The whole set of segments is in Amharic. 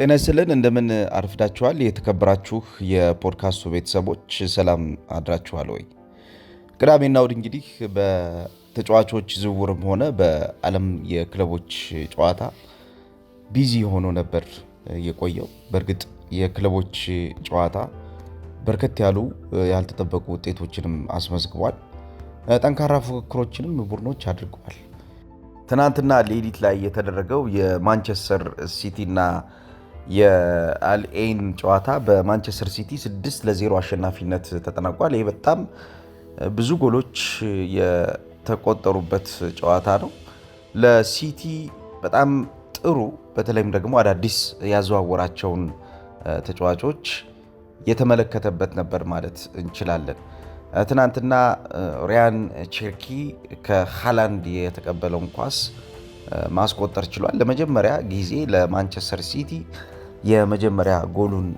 ጤና ይስጥልን እንደምን አርፍዳችኋል? የተከበራችሁ የፖድካስቱ ቤተሰቦች ሰላም አድራችኋል ወይ? ቅዳሜና እሁድ እንግዲህ በተጫዋቾች ዝውውርም ሆነ በዓለም የክለቦች ጨዋታ ቢዚ ሆኖ ነበር የቆየው። በእርግጥ የክለቦች ጨዋታ በርከት ያሉ ያልተጠበቁ ውጤቶችንም አስመዝግቧል። ጠንካራ ፉክክሮችንም ቡድኖች አድርገዋል። ትናንትና ሌሊት ላይ የተደረገው የማንቸስተር ሲቲና የአልኤን ጨዋታ በማንቸስተር ሲቲ 6 ለ0 አሸናፊነት ተጠናቋል። ይህ በጣም ብዙ ጎሎች የተቆጠሩበት ጨዋታ ነው። ለሲቲ በጣም ጥሩ በተለይም ደግሞ አዳዲስ ያዘዋወራቸውን ተጫዋቾች የተመለከተበት ነበር ማለት እንችላለን። ትናንትና ሪያን ቼርኪ ከሃላንድ የተቀበለውን ኳስ ማስቆጠር ችሏል። ለመጀመሪያ ጊዜ ለማንቸስተር ሲቲ የመጀመሪያ ጎሉን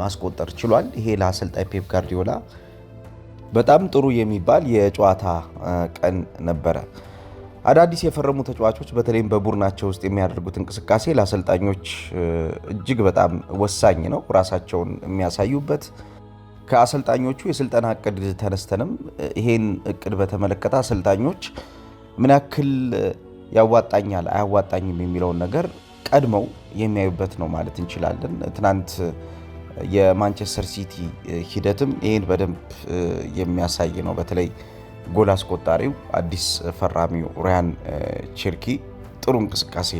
ማስቆጠር ችሏል። ይሄ ለአሰልጣኝ ፔፕ ጋርዲዮላ በጣም ጥሩ የሚባል የጨዋታ ቀን ነበረ። አዳዲስ የፈረሙ ተጫዋቾች በተለይም በቡድናቸው ውስጥ የሚያደርጉት እንቅስቃሴ ለአሰልጣኞች እጅግ በጣም ወሳኝ ነው። ራሳቸውን የሚያሳዩበት ከአሰልጣኞቹ የስልጠና እቅድ ተነስተንም ይሄን እቅድ በተመለከተ አሰልጣኞች ምን ያክል ያዋጣኛል አያዋጣኝም የሚለውን ነገር ቀድመው የሚያዩበት ነው ማለት እንችላለን። ትናንት የማንቸስተር ሲቲ ሂደትም ይህን በደንብ የሚያሳይ ነው። በተለይ ጎል አስቆጣሪው አዲስ ፈራሚው ሪያን ቸርኪ ጥሩ እንቅስቃሴ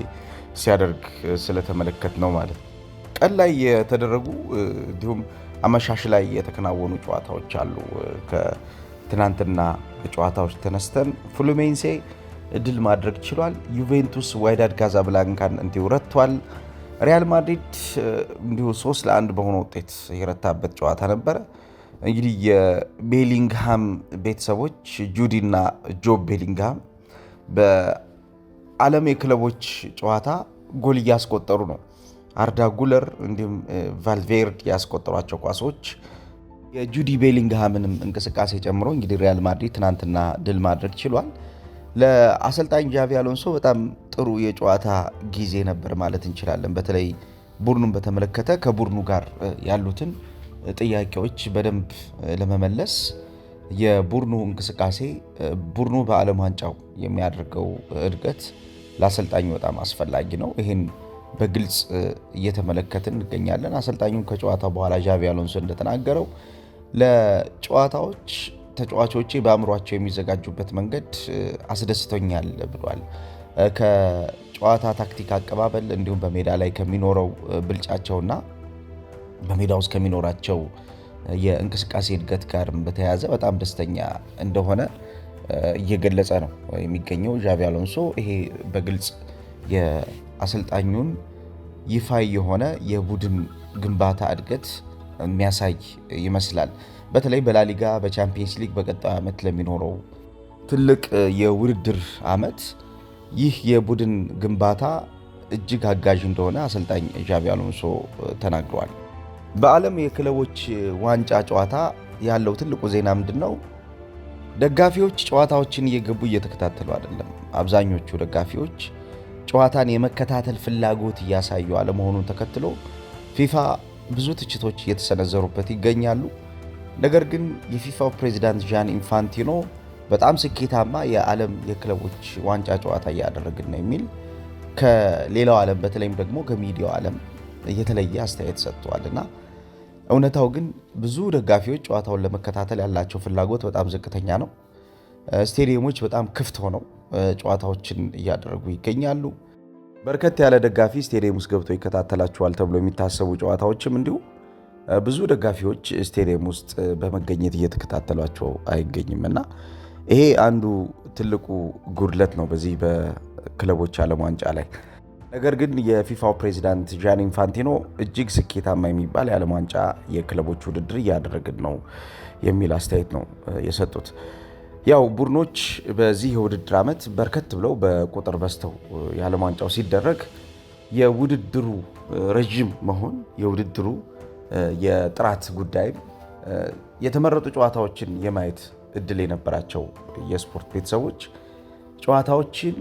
ሲያደርግ ስለተመለከት ነው ማለት ነው። ቀን ላይ የተደረጉ እንዲሁም አመሻሽ ላይ የተከናወኑ ጨዋታዎች አሉ። ከትናንትና ጨዋታዎች ተነስተን ፍሉሜንሴ ድል ማድረግ ችሏል። ዩቬንቱስ ዋይዳድ ካዛብላንካን እንዲሁ ረትቷል። ሪያል ማድሪድ እንዲሁ ሶስት ለአንድ በሆነ ውጤት የረታበት ጨዋታ ነበረ። እንግዲህ የቤሊንግሃም ቤተሰቦች ጁዲ እና ጆብ ቤሊንግሃም በዓለም የክለቦች ጨዋታ ጎል እያስቆጠሩ ነው። አርዳ ጉለር እንዲሁም ቫልቬርድ ያስቆጠሯቸው ኳሶች የጁዲ ቤሊንግሃምንም እንቅስቃሴ ጨምሮ እንግዲህ ሪያል ማድሪድ ትናንትና ድል ማድረግ ችሏል። ለአሰልጣኝ ጃቪ አሎንሶ በጣም ጥሩ የጨዋታ ጊዜ ነበር ማለት እንችላለን። በተለይ ቡድኑን በተመለከተ ከቡድኑ ጋር ያሉትን ጥያቄዎች በደንብ ለመመለስ የቡድኑ እንቅስቃሴ፣ ቡድኑ በዓለም ዋንጫው የሚያደርገው እድገት ለአሰልጣኙ በጣም አስፈላጊ ነው። ይህን በግልጽ እየተመለከትን እንገኛለን። አሰልጣኙ ከጨዋታ በኋላ ዣቪ አሎንሶ እንደተናገረው ለጨዋታዎች ተጫዋቾቼ በአእምሯቸው የሚዘጋጁበት መንገድ አስደስቶኛል ብሏል። ከጨዋታ ታክቲክ አቀባበል እንዲሁም በሜዳ ላይ ከሚኖረው ብልጫቸውና በሜዳ ውስጥ ከሚኖራቸው የእንቅስቃሴ እድገት ጋር በተያያዘ በጣም ደስተኛ እንደሆነ እየገለጸ ነው የሚገኘው ዣቪ አሎንሶ። ይሄ በግልጽ የአሰልጣኙን ይፋ የሆነ የቡድን ግንባታ እድገት የሚያሳይ ይመስላል። በተለይ በላሊጋ በቻምፒየንስ ሊግ በቀጣዩ ዓመት ለሚኖረው ትልቅ የውድድር ዓመት ይህ የቡድን ግንባታ እጅግ አጋዥ እንደሆነ አሰልጣኝ ዣቢ አሎንሶ ተናግረዋል። በዓለም የክለቦች ዋንጫ ጨዋታ ያለው ትልቁ ዜና ምንድን ነው? ደጋፊዎች ጨዋታዎችን እየገቡ እየተከታተሉ አይደለም። አብዛኞቹ ደጋፊዎች ጨዋታን የመከታተል ፍላጎት እያሳዩ አለመሆኑን ተከትሎ ፊፋ ብዙ ትችቶች እየተሰነዘሩበት ይገኛሉ። ነገር ግን የፊፋው ፕሬዚዳንት ዣን ኢንፋንቲኖ በጣም ስኬታማ የዓለም የክለቦች ዋንጫ ጨዋታ እያደረግን ነው የሚል ከሌላው ዓለም በተለይም ደግሞ ከሚዲያው ዓለም የተለየ አስተያየት ሰጥተዋል እና እውነታው ግን ብዙ ደጋፊዎች ጨዋታውን ለመከታተል ያላቸው ፍላጎት በጣም ዝቅተኛ ነው። ስቴዲየሞች በጣም ክፍት ሆነው ጨዋታዎችን እያደረጉ ይገኛሉ። በርከት ያለ ደጋፊ ስቴዲየም ውስጥ ገብቶ ይከታተላቸዋል ተብሎ የሚታሰቡ ጨዋታዎችም እንዲሁ ብዙ ደጋፊዎች ስቴዲየም ውስጥ በመገኘት እየተከታተሏቸው አይገኝም እና ይሄ አንዱ ትልቁ ጉድለት ነው በዚህ በክለቦች ዓለም ዋንጫ ላይ። ነገር ግን የፊፋው ፕሬዚዳንት ጃን ኢንፋንቲኖ እጅግ ስኬታማ የሚባል የዓለም ዋንጫ የክለቦች ውድድር እያደረግን ነው የሚል አስተያየት ነው የሰጡት። ያው ቡድኖች በዚህ የውድድር ዓመት በርከት ብለው በቁጥር በዝተው የዓለም ዋንጫው ሲደረግ የውድድሩ ረዥም መሆን የውድድሩ የጥራት ጉዳይም የተመረጡ ጨዋታዎችን የማየት እድል የነበራቸው የስፖርት ቤተሰቦች ጨዋታዎችን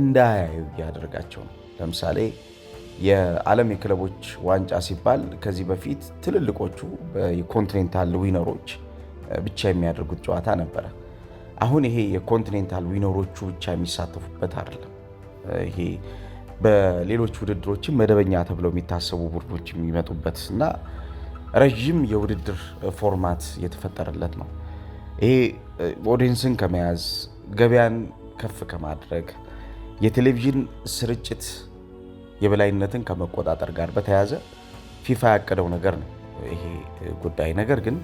እንዳያዩ እያደረጋቸው ነው። ለምሳሌ የዓለም የክለቦች ዋንጫ ሲባል ከዚህ በፊት ትልልቆቹ የኮንቲኔንታል ዊነሮች ብቻ የሚያደርጉት ጨዋታ ነበረ። አሁን ይሄ የኮንቲኔንታል ዊነሮቹ ብቻ የሚሳተፉበት አይደለም። ይሄ በሌሎች ውድድሮችም መደበኛ ተብለው የሚታሰቡ ቡድኖች የሚመጡበት እና ረዥም የውድድር ፎርማት የተፈጠረለት ነው። ይሄ ኦዲየንስን ከመያዝ ገበያን ከፍ ከማድረግ የቴሌቪዥን ስርጭት የበላይነትን ከመቆጣጠር ጋር በተያያዘ ፊፋ ያቀደው ነገር ነው ይሄ ጉዳይ ነገር ግን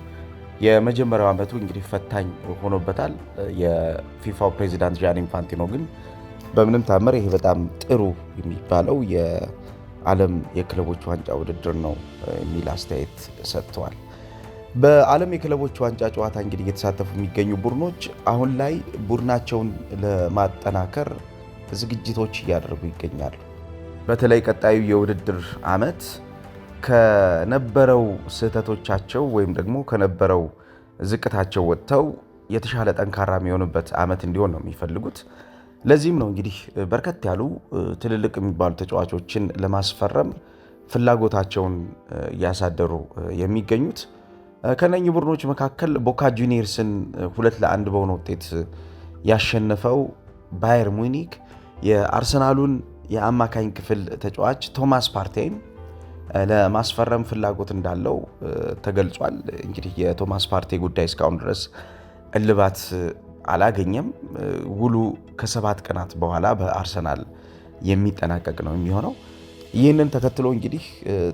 የመጀመሪያው ዓመቱ እንግዲህ ፈታኝ ሆኖበታል። የፊፋው ፕሬዚዳንት ጃን ኢንፋንቲኖ ግን በምንም ታምር ይሄ በጣም ጥሩ የሚባለው የዓለም የክለቦች ዋንጫ ውድድር ነው የሚል አስተያየት ሰጥተዋል። በዓለም የክለቦች ዋንጫ ጨዋታ እንግዲህ እየተሳተፉ የሚገኙ ቡድኖች አሁን ላይ ቡድናቸውን ለማጠናከር ዝግጅቶች እያደረጉ ይገኛሉ። በተለይ ቀጣዩ የውድድር ዓመት ከነበረው ስህተቶቻቸው ወይም ደግሞ ከነበረው ዝቅታቸው ወጥተው የተሻለ ጠንካራ የሚሆኑበት ዓመት እንዲሆን ነው የሚፈልጉት። ለዚህም ነው እንግዲህ በርከት ያሉ ትልልቅ የሚባሉ ተጫዋቾችን ለማስፈረም ፍላጎታቸውን እያሳደሩ የሚገኙት። ከነኚህ ቡድኖች መካከል ቦካ ጁኒየርስን ሁለት ለአንድ በሆነ ውጤት ያሸነፈው ባየር ሙኒክ የአርሰናሉን የአማካኝ ክፍል ተጫዋች ቶማስ ፓርቴይን ለማስፈረም ፍላጎት እንዳለው ተገልጿል። እንግዲህ የቶማስ ፓርቴ ጉዳይ እስካሁን ድረስ እልባት አላገኘም። ውሉ ከሰባት ቀናት በኋላ በአርሰናል የሚጠናቀቅ ነው የሚሆነው። ይህንን ተከትሎ እንግዲህ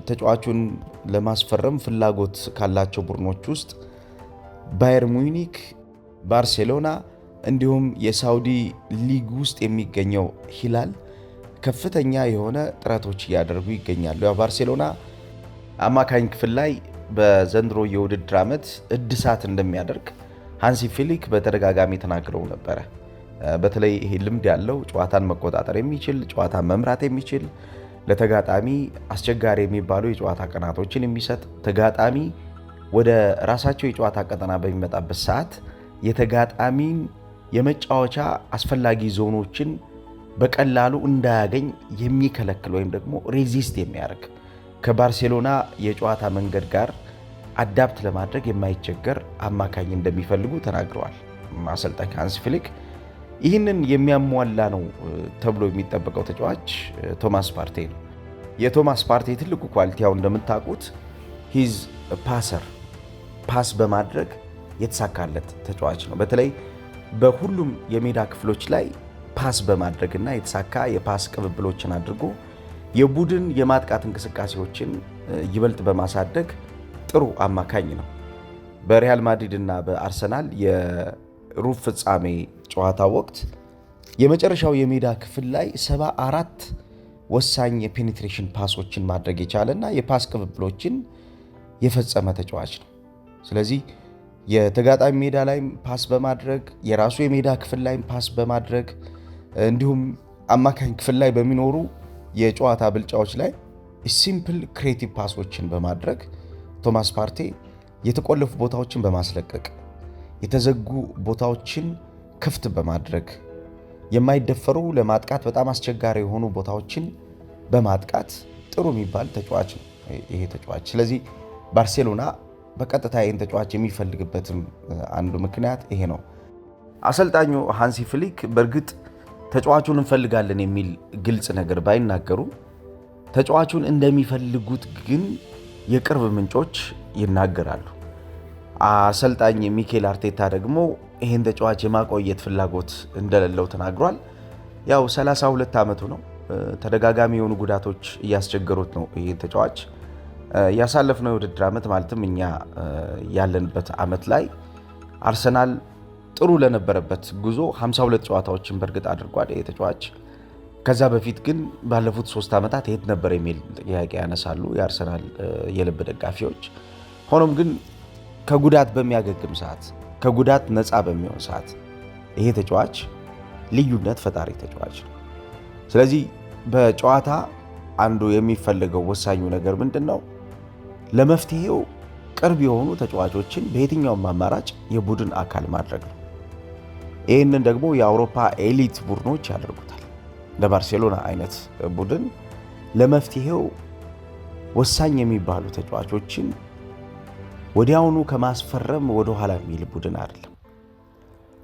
ተጫዋቹን ለማስፈረም ፍላጎት ካላቸው ቡድኖች ውስጥ ባየር ሙኒክ፣ ባርሴሎና እንዲሁም የሳውዲ ሊግ ውስጥ የሚገኘው ሂላል ከፍተኛ የሆነ ጥረቶች እያደረጉ ይገኛሉ። ያው ባርሴሎና አማካኝ ክፍል ላይ በዘንድሮ የውድድር ዓመት እድሳት እንደሚያደርግ ሃንሲ ፊሊክ በተደጋጋሚ ተናግረው ነበረ። በተለይ ይሄ ልምድ ያለው ጨዋታን መቆጣጠር የሚችል ጨዋታን መምራት የሚችል ለተጋጣሚ አስቸጋሪ የሚባሉ የጨዋታ ቀናቶችን የሚሰጥ ተጋጣሚ ወደ ራሳቸው የጨዋታ ቀጠና በሚመጣበት ሰዓት የተጋጣሚን የመጫወቻ አስፈላጊ ዞኖችን በቀላሉ እንዳያገኝ የሚከለክል ወይም ደግሞ ሬዚስት የሚያደርግ ከባርሴሎና የጨዋታ መንገድ ጋር አዳፕት ለማድረግ የማይቸገር አማካኝ እንደሚፈልጉ ተናግረዋል። አሰልጣኝ ሃንስ ፍሊክ ይህንን የሚያሟላ ነው ተብሎ የሚጠበቀው ተጫዋች ቶማስ ፓርቴ ነው። የቶማስ ፓርቴ ትልቁ ኳሊቲ ያው እንደምታውቁት ሂዝ ፓሰር ፓስ በማድረግ የተሳካለት ተጫዋች ነው። በተለይ በሁሉም የሜዳ ክፍሎች ላይ ፓስ በማድረግና የተሳካ የፓስ ቅብብሎችን አድርጎ የቡድን የማጥቃት እንቅስቃሴዎችን ይበልጥ በማሳደግ ጥሩ አማካኝ ነው። በሪያል ማድሪድ እና በአርሰናል የሩብ ፍጻሜ ጨዋታ ወቅት የመጨረሻው የሜዳ ክፍል ላይ ሰባ አራት ወሳኝ የፔኔትሬሽን ፓሶችን ማድረግ የቻለ እና የፓስ ቅብብሎችን የፈጸመ ተጫዋች ነው። ስለዚህ የተጋጣሚ ሜዳ ላይም ፓስ በማድረግ የራሱ የሜዳ ክፍል ላይም ፓስ በማድረግ እንዲሁም አማካኝ ክፍል ላይ በሚኖሩ የጨዋታ ብልጫዎች ላይ ሲምፕል ክሬቲቭ ፓሶችን በማድረግ ቶማስ ፓርቴ የተቆለፉ ቦታዎችን በማስለቀቅ የተዘጉ ቦታዎችን ክፍት በማድረግ የማይደፈሩ ለማጥቃት በጣም አስቸጋሪ የሆኑ ቦታዎችን በማጥቃት ጥሩ የሚባል ተጫዋች ነው ይሄ ተጫዋች። ስለዚህ ባርሴሎና በቀጥታ ይህን ተጫዋች የሚፈልግበትም አንዱ ምክንያት ይሄ ነው። አሰልጣኙ ሃንሲ ፍሊክ በእርግጥ ተጫዋቹን እንፈልጋለን የሚል ግልጽ ነገር ባይናገሩም ተጫዋቹን እንደሚፈልጉት ግን የቅርብ ምንጮች ይናገራሉ። አሰልጣኝ ሚኬል አርቴታ ደግሞ ይህን ተጫዋች የማቆየት ፍላጎት እንደሌለው ተናግሯል። ያው 32 ዓመቱ ነው። ተደጋጋሚ የሆኑ ጉዳቶች እያስቸገሩት ነው። ይህን ተጫዋች ያሳለፍነው የውድድር ዓመት ማለትም እኛ ያለንበት ዓመት ላይ አርሰናል ጥሩ ለነበረበት ጉዞ 52 ጨዋታዎችን በእርግጥ አድርጓል ይሄ ተጫዋች። ከዛ በፊት ግን ባለፉት ሶስት ዓመታት የት ነበር የሚል ጥያቄ ያነሳሉ የአርሰናል የልብ ደጋፊዎች። ሆኖም ግን ከጉዳት በሚያገግም ሰዓት፣ ከጉዳት ነፃ በሚሆን ሰዓት ይሄ ተጫዋች ልዩነት ፈጣሪ ተጫዋች ነው። ስለዚህ በጨዋታ አንዱ የሚፈልገው ወሳኙ ነገር ምንድን ነው? ለመፍትሄው ቅርብ የሆኑ ተጫዋቾችን በየትኛውም አማራጭ የቡድን አካል ማድረግ ነው። ይህንን ደግሞ የአውሮፓ ኤሊት ቡድኖች ያደርጉታል። እንደ ባርሴሎና አይነት ቡድን ለመፍትሄው ወሳኝ የሚባሉ ተጫዋቾችን ወዲያውኑ ከማስፈረም ወደኋላ የሚል ቡድን አይደለም።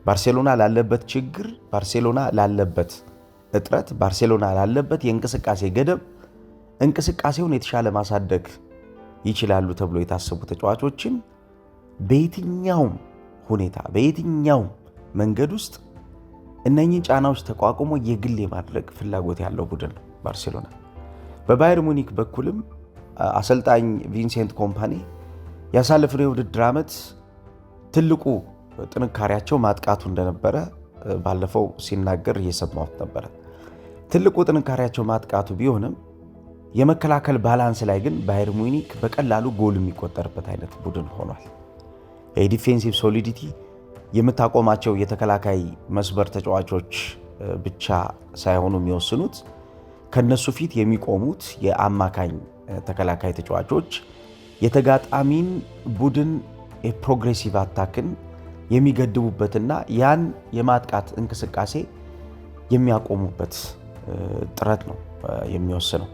ባርሴሎና ላለበት ችግር፣ ባርሴሎና ላለበት እጥረት፣ ባርሴሎና ላለበት የእንቅስቃሴ ገደብ እንቅስቃሴውን የተሻለ ማሳደግ ይችላሉ ተብሎ የታሰቡ ተጫዋቾችን በየትኛውም ሁኔታ በየትኛውም መንገድ ውስጥ እነኚህን ጫናዎች ተቋቁሞ የግል የማድረግ ፍላጎት ያለው ቡድን ነው ባርሴሎና። በባየር ሙኒክ በኩልም አሰልጣኝ ቪንሴንት ኮምፓኒ ያሳለፍነው የውድድር ዓመት ትልቁ ጥንካሬያቸው ማጥቃቱ እንደነበረ ባለፈው ሲናገር እየሰማሁት ነበረ። ትልቁ ጥንካሬያቸው ማጥቃቱ ቢሆንም የመከላከል ባላንስ ላይ ግን ባየር ሙኒክ በቀላሉ ጎል የሚቆጠርበት አይነት ቡድን ሆኗል። የዲፌንሲቭ ሶሊዲቲ የምታቆማቸው የተከላካይ መስበር ተጫዋቾች ብቻ ሳይሆኑ የሚወስኑት ከነሱ ፊት የሚቆሙት የአማካኝ ተከላካይ ተጫዋቾች የተጋጣሚን ቡድን የፕሮግሬሲቭ አታክን የሚገድቡበትና ያን የማጥቃት እንቅስቃሴ የሚያቆሙበት ጥረት ነው የሚወስነው።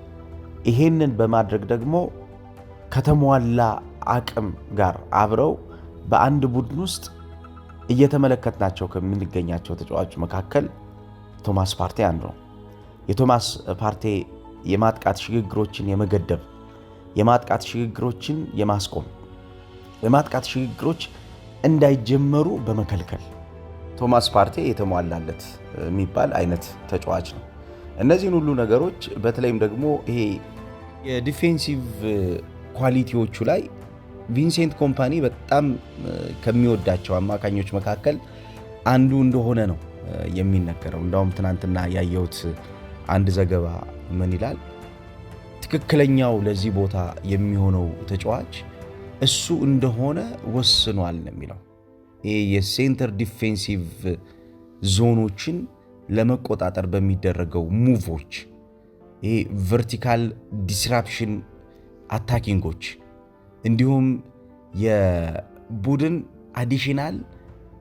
ይሄንን በማድረግ ደግሞ ከተሟላ አቅም ጋር አብረው በአንድ ቡድን ውስጥ እየተመለከትናቸው ከምንገኛቸው ተጫዋቾች መካከል ቶማስ ፓርቴ አንዱ ነው። የቶማስ ፓርቴ የማጥቃት ሽግግሮችን የመገደብ የማጥቃት ሽግግሮችን የማስቆም የማጥቃት ሽግግሮች እንዳይጀመሩ በመከልከል ቶማስ ፓርቴ የተሟላለት የሚባል አይነት ተጫዋች ነው። እነዚህን ሁሉ ነገሮች በተለይም ደግሞ ይሄ የዲፌንሲቭ ኳሊቲዎቹ ላይ ቪንሴንት ኮምፓኒ በጣም ከሚወዳቸው አማካኞች መካከል አንዱ እንደሆነ ነው የሚነገረው። እንዳውም ትናንትና ያየሁት አንድ ዘገባ ምን ይላል? ትክክለኛው ለዚህ ቦታ የሚሆነው ተጫዋች እሱ እንደሆነ ወስኗል ነው የሚለው። ይህ የሴንተር ዲፌንሲቭ ዞኖችን ለመቆጣጠር በሚደረገው ሙቮች ይህ ቨርቲካል ዲስራፕሽን አታኪንጎች እንዲሁም የቡድን አዲሽናል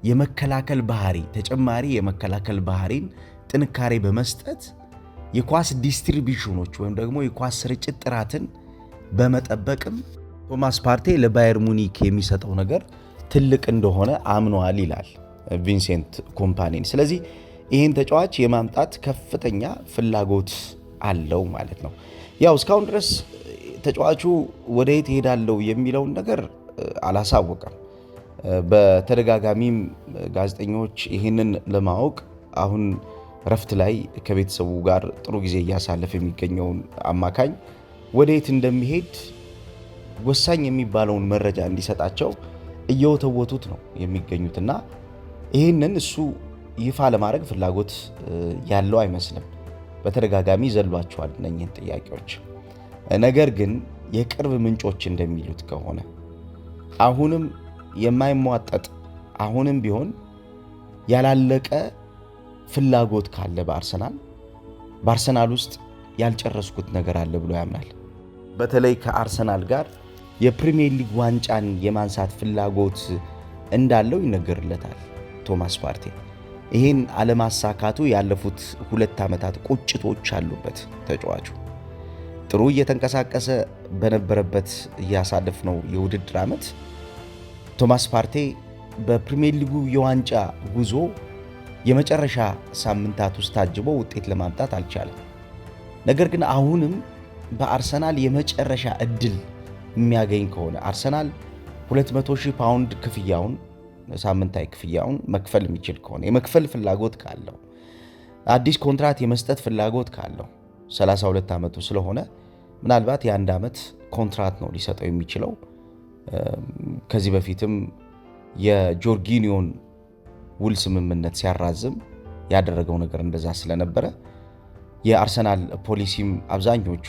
የመከላከል ባህሪ ተጨማሪ የመከላከል ባህሪን ጥንካሬ በመስጠት የኳስ ዲስትሪቢሽኖች ወይም ደግሞ የኳስ ስርጭት ጥራትን በመጠበቅም ቶማስ ፓርቴ ለባየር ሙኒክ የሚሰጠው ነገር ትልቅ እንደሆነ አምነዋል ይላል ቪንሴንት ኮምፓኒን። ስለዚህ ይህን ተጫዋች የማምጣት ከፍተኛ ፍላጎት አለው ማለት ነው። ያው እስካሁን ድረስ ተጫዋቹ ወደ የት እሄዳለሁ የሚለውን ነገር አላሳወቀም። በተደጋጋሚም ጋዜጠኞች ይህንን ለማወቅ አሁን ረፍት ላይ ከቤተሰቡ ጋር ጥሩ ጊዜ እያሳለፈ የሚገኘውን አማካኝ ወደ የት እንደሚሄድ ወሳኝ የሚባለውን መረጃ እንዲሰጣቸው እየወተወቱት ነው የሚገኙትና ይህንን እሱ ይፋ ለማድረግ ፍላጎት ያለው አይመስልም። በተደጋጋሚ ይዘሏቸዋል እነኝህን ጥያቄዎች። ነገር ግን የቅርብ ምንጮች እንደሚሉት ከሆነ አሁንም የማይሟጠጥ አሁንም ቢሆን ያላለቀ ፍላጎት ካለ በአርሰናል በአርሰናል ውስጥ ያልጨረስኩት ነገር አለ ብሎ ያምናል። በተለይ ከአርሰናል ጋር የፕሪሚየር ሊግ ዋንጫን የማንሳት ፍላጎት እንዳለው ይነገርለታል። ቶማስ ፓርቴ ይህን አለማሳካቱ ያለፉት ሁለት ዓመታት ቁጭቶች አሉበት ተጫዋቹ ጥሩ እየተንቀሳቀሰ በነበረበት እያሳለፍ ነው የውድድር ዓመት ቶማስ ፓርቴ በፕሪሚየር ሊጉ የዋንጫ ጉዞ የመጨረሻ ሳምንታት ውስጥ ታጅቦ ውጤት ለማምጣት አልቻለም። ነገር ግን አሁንም በአርሰናል የመጨረሻ እድል የሚያገኝ ከሆነ አርሰናል 200 ሺህ ፓውንድ ክፍያውን ሳምንታዊ ክፍያውን መክፈል የሚችል ከሆነ የመክፈል ፍላጎት ካለው አዲስ ኮንትራት የመስጠት ፍላጎት ካለው 32 ዓመቱ ስለሆነ ምናልባት የአንድ ዓመት ኮንትራት ነው ሊሰጠው የሚችለው። ከዚህ በፊትም የጆርጊኒዮን ውል ስምምነት ሲያራዝም ያደረገው ነገር እንደዛ ስለነበረ የአርሰናል ፖሊሲም አብዛኞቹ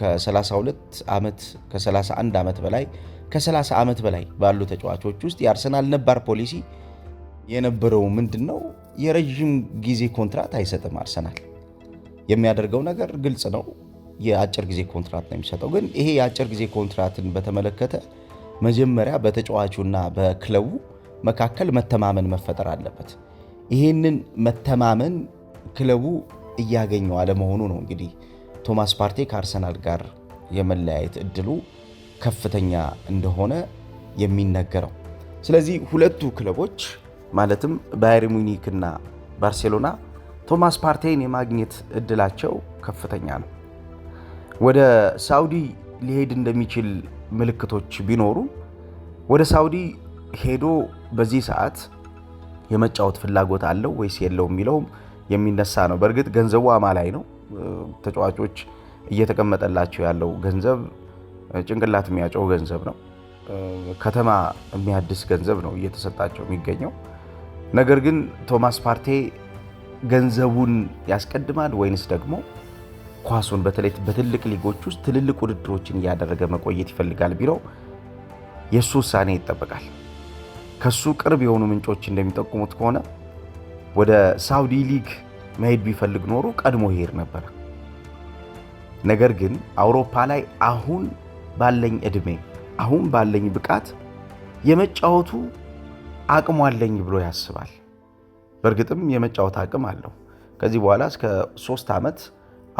ከ32 ዓመት ከ31 ዓመት በላይ ከ30 ዓመት በላይ ባሉ ተጫዋቾች ውስጥ የአርሰናል ነባር ፖሊሲ የነበረው ምንድን ነው? የረዥም ጊዜ ኮንትራት አይሰጥም። አርሰናል የሚያደርገው ነገር ግልጽ ነው። የአጭር ጊዜ ኮንትራት ነው የሚሰጠው። ግን ይሄ የአጭር ጊዜ ኮንትራትን በተመለከተ መጀመሪያ በተጫዋቹና በክለቡ መካከል መተማመን መፈጠር አለበት። ይህንን መተማመን ክለቡ እያገኘው አለመሆኑ ነው እንግዲህ ቶማስ ፓርቴ ከአርሰናል ጋር የመለያየት እድሉ ከፍተኛ እንደሆነ የሚነገረው። ስለዚህ ሁለቱ ክለቦች ማለትም ባየር ሙኒክ እና ባርሴሎና ቶማስ ፓርቴን የማግኘት እድላቸው ከፍተኛ ነው። ወደ ሳውዲ ሊሄድ እንደሚችል ምልክቶች ቢኖሩ ወደ ሳውዲ ሄዶ በዚህ ሰዓት የመጫወት ፍላጎት አለው ወይስ የለው የሚለውም የሚነሳ ነው። በእርግጥ ገንዘቡ አማላይ ነው። ተጫዋቾች እየተቀመጠላቸው ያለው ገንዘብ ጭንቅላት የሚያጨው ገንዘብ ነው። ከተማ የሚያድስ ገንዘብ ነው እየተሰጣቸው የሚገኘው። ነገር ግን ቶማስ ፓርቴ ገንዘቡን ያስቀድማል ወይንስ ደግሞ ኳሱን በተለይ በትልቅ ሊጎች ውስጥ ትልልቅ ውድድሮችን እያደረገ መቆየት ይፈልጋል ቢለው የእሱ ውሳኔ ይጠበቃል። ከሱ ቅርብ የሆኑ ምንጮች እንደሚጠቁሙት ከሆነ ወደ ሳውዲ ሊግ መሄድ ቢፈልግ ኖሮ ቀድሞ ይሄድ ነበረ። ነገር ግን አውሮፓ ላይ አሁን ባለኝ እድሜ አሁን ባለኝ ብቃት የመጫወቱ አቅሙ አለኝ ብሎ ያስባል። በእርግጥም የመጫወት አቅም አለው። ከዚህ በኋላ እስከ ሶስት ዓመት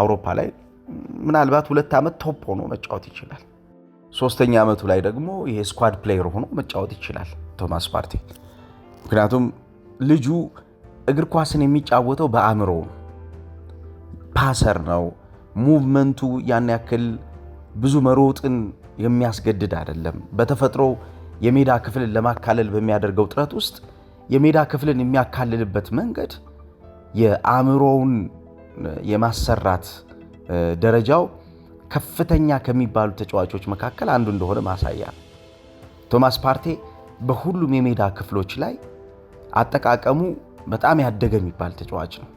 አውሮፓ ላይ ምናልባት ሁለት ዓመት ቶፕ ሆኖ መጫወት ይችላል። ሶስተኛ ዓመቱ ላይ ደግሞ ይሄ ስኳድ ፕሌየር ሆኖ መጫወት ይችላል ቶማስ ፓርቲ። ምክንያቱም ልጁ እግር ኳስን የሚጫወተው በአእምሮ ፓሰር ነው። ሙቭመንቱ ያን ያክል ብዙ መሮጥን የሚያስገድድ አይደለም። በተፈጥሮ የሜዳ ክፍልን ለማካለል በሚያደርገው ጥረት ውስጥ የሜዳ ክፍልን የሚያካልልበት መንገድ የአእምሮውን የማሰራት ደረጃው ከፍተኛ ከሚባሉ ተጫዋቾች መካከል አንዱ እንደሆነ ማሳያ ነው። ቶማስ ፓርቴ በሁሉም የሜዳ ክፍሎች ላይ አጠቃቀሙ በጣም ያደገ የሚባል ተጫዋች ነው።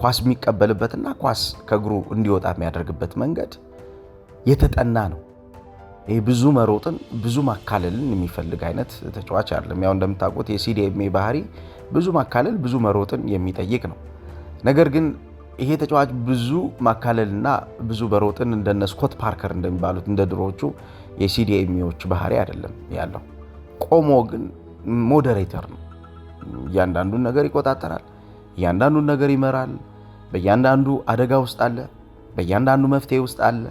ኳስ የሚቀበልበትና ኳስ ከእግሩ እንዲወጣ የሚያደርግበት መንገድ የተጠና ነው። ይህ ብዙ መሮጥን ብዙ ማካለልን የሚፈልግ አይነት ተጫዋች አይደለም። ያው እንደምታውቁት የሲዲኤምኤ ባህሪ ብዙ ማካለል ብዙ መሮጥን የሚጠይቅ ነው። ነገር ግን ይሄ ተጫዋች ብዙ ማካለልና ብዙ በሮጥን እንደነ ስኮት ፓርከር እንደሚባሉት እንደ ድሮዎቹ የሲዲኤሚዎች ባህሪ አይደለም ያለው። ቆሞ ግን ሞዴሬተር ነው። እያንዳንዱን ነገር ይቆጣጠራል። እያንዳንዱን ነገር ይመራል። በእያንዳንዱ አደጋ ውስጥ አለ። በእያንዳንዱ መፍትሄ ውስጥ አለ።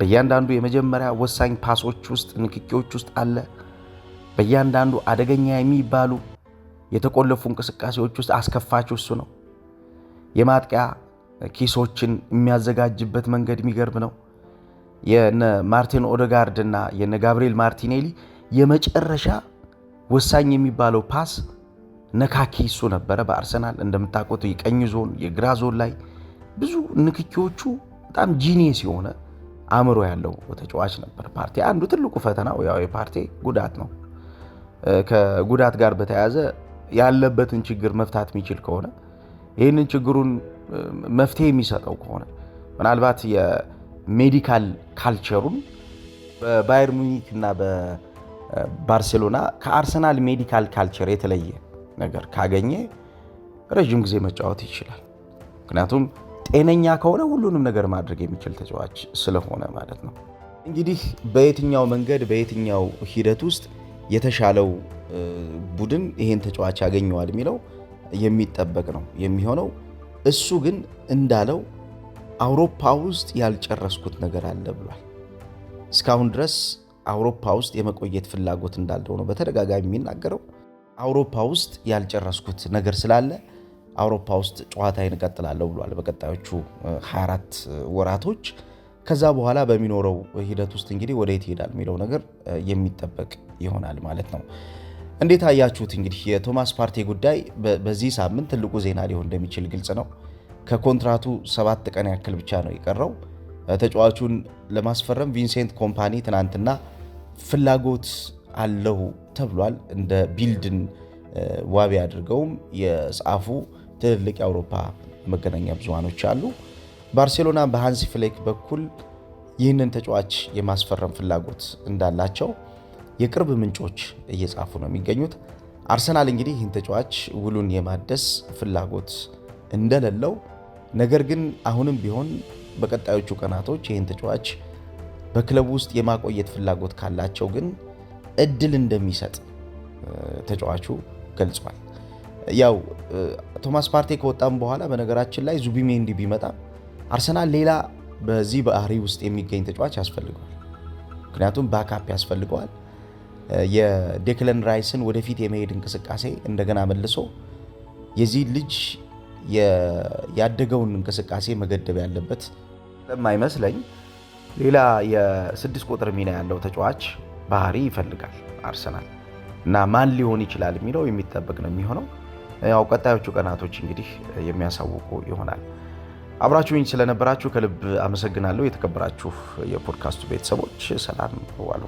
በእያንዳንዱ የመጀመሪያ ወሳኝ ፓሶች ውስጥ፣ ንክኪዎች ውስጥ አለ። በእያንዳንዱ አደገኛ የሚባሉ የተቆለፉ እንቅስቃሴዎች ውስጥ አስከፋች እሱ ነው። የማጥቂያ ኪሶችን የሚያዘጋጅበት መንገድ የሚገርም ነው። የነ ማርቲን ኦደጋርድ እና የነ ጋብሪኤል ማርቲኔሊ የመጨረሻ ወሳኝ የሚባለው ፓስ ነካኪ እሱ ነበረ። በአርሰናል እንደምታውቁት የቀኝ ዞን የግራ ዞን ላይ ብዙ ንክኪዎቹ በጣም ጂኒየስ የሆነ አእምሮ ያለው ተጫዋች ነበር። ፓርቴ አንዱ ትልቁ ፈተናው ያው የፓርቴ ጉዳት ነው። ከጉዳት ጋር በተያያዘ ያለበትን ችግር መፍታት የሚችል ከሆነ ይህንን ችግሩን መፍትሄ የሚሰጠው ከሆነ ምናልባት የሜዲካል ካልቸሩን በባየር ሙኒክ እና በባርሴሎና ከአርሰናል ሜዲካል ካልቸር የተለየ ነገር ካገኘ ረዥም ጊዜ መጫወት ይችላል። ምክንያቱም ጤነኛ ከሆነ ሁሉንም ነገር ማድረግ የሚችል ተጫዋች ስለሆነ ማለት ነው። እንግዲህ በየትኛው መንገድ በየትኛው ሂደት ውስጥ የተሻለው ቡድን ይሄን ተጫዋች ያገኘዋል የሚለው የሚጠበቅ ነው የሚሆነው። እሱ ግን እንዳለው አውሮፓ ውስጥ ያልጨረስኩት ነገር አለ ብሏል። እስካሁን ድረስ አውሮፓ ውስጥ የመቆየት ፍላጎት እንዳለው ነው በተደጋጋሚ የሚናገረው። አውሮፓ ውስጥ ያልጨረስኩት ነገር ስላለ አውሮፓ ውስጥ ጨዋታዬን እቀጥላለሁ ብሏል በቀጣዮቹ 24 ወራቶች። ከዛ በኋላ በሚኖረው ሂደት ውስጥ እንግዲህ ወደ የት ይሄዳል የሚለው ነገር የሚጠበቅ ይሆናል ማለት ነው። እንዴት አያችሁት? እንግዲህ የቶማስ ፓርቴ ጉዳይ በዚህ ሳምንት ትልቁ ዜና ሊሆን እንደሚችል ግልጽ ነው። ከኮንትራቱ ሰባት ቀን ያክል ብቻ ነው የቀረው። ተጫዋቹን ለማስፈረም ቪንሴንት ኮምፓኒ ትናንትና ፍላጎት አለው ተብሏል። እንደ ቢልድን ዋቢ አድርገውም የጻፉ ትልልቅ የአውሮፓ መገናኛ ብዙሃኖች አሉ። ባርሴሎና በሃንሲ ፍሌክ በኩል ይህንን ተጫዋች የማስፈረም ፍላጎት እንዳላቸው የቅርብ ምንጮች እየጻፉ ነው የሚገኙት። አርሰናል እንግዲህ ይህን ተጫዋች ውሉን የማደስ ፍላጎት እንደሌለው ነገር ግን አሁንም ቢሆን በቀጣዮቹ ቀናቶች ይህን ተጫዋች በክለቡ ውስጥ የማቆየት ፍላጎት ካላቸው ግን እድል እንደሚሰጥ ተጫዋቹ ገልጿል። ያው ቶማስ ፓርቴ ከወጣም በኋላ በነገራችን ላይ ዙቢሜንዲ ቢመጣም አርሰናል ሌላ በዚህ ባህሪ ውስጥ የሚገኝ ተጫዋች ያስፈልገዋል። ምክንያቱም ባካፕ ያስፈልገዋል። የዴክለን ራይስን ወደፊት የመሄድ እንቅስቃሴ እንደገና መልሶ የዚህ ልጅ ያደገውን እንቅስቃሴ መገደብ ያለበት ለማይመስለኝ ሌላ የስድስት ቁጥር ሚና ያለው ተጫዋች ባህሪ ይፈልጋል አርሰናል እና ማን ሊሆን ይችላል የሚለው የሚጠበቅ ነው የሚሆነው። ያው ቀጣዮቹ ቀናቶች እንግዲህ የሚያሳውቁ ይሆናል። አብራችሁኝ ስለነበራችሁ ከልብ አመሰግናለሁ። የተከበራችሁ የፖድካስቱ ቤተሰቦች ሰላም ዋሉ።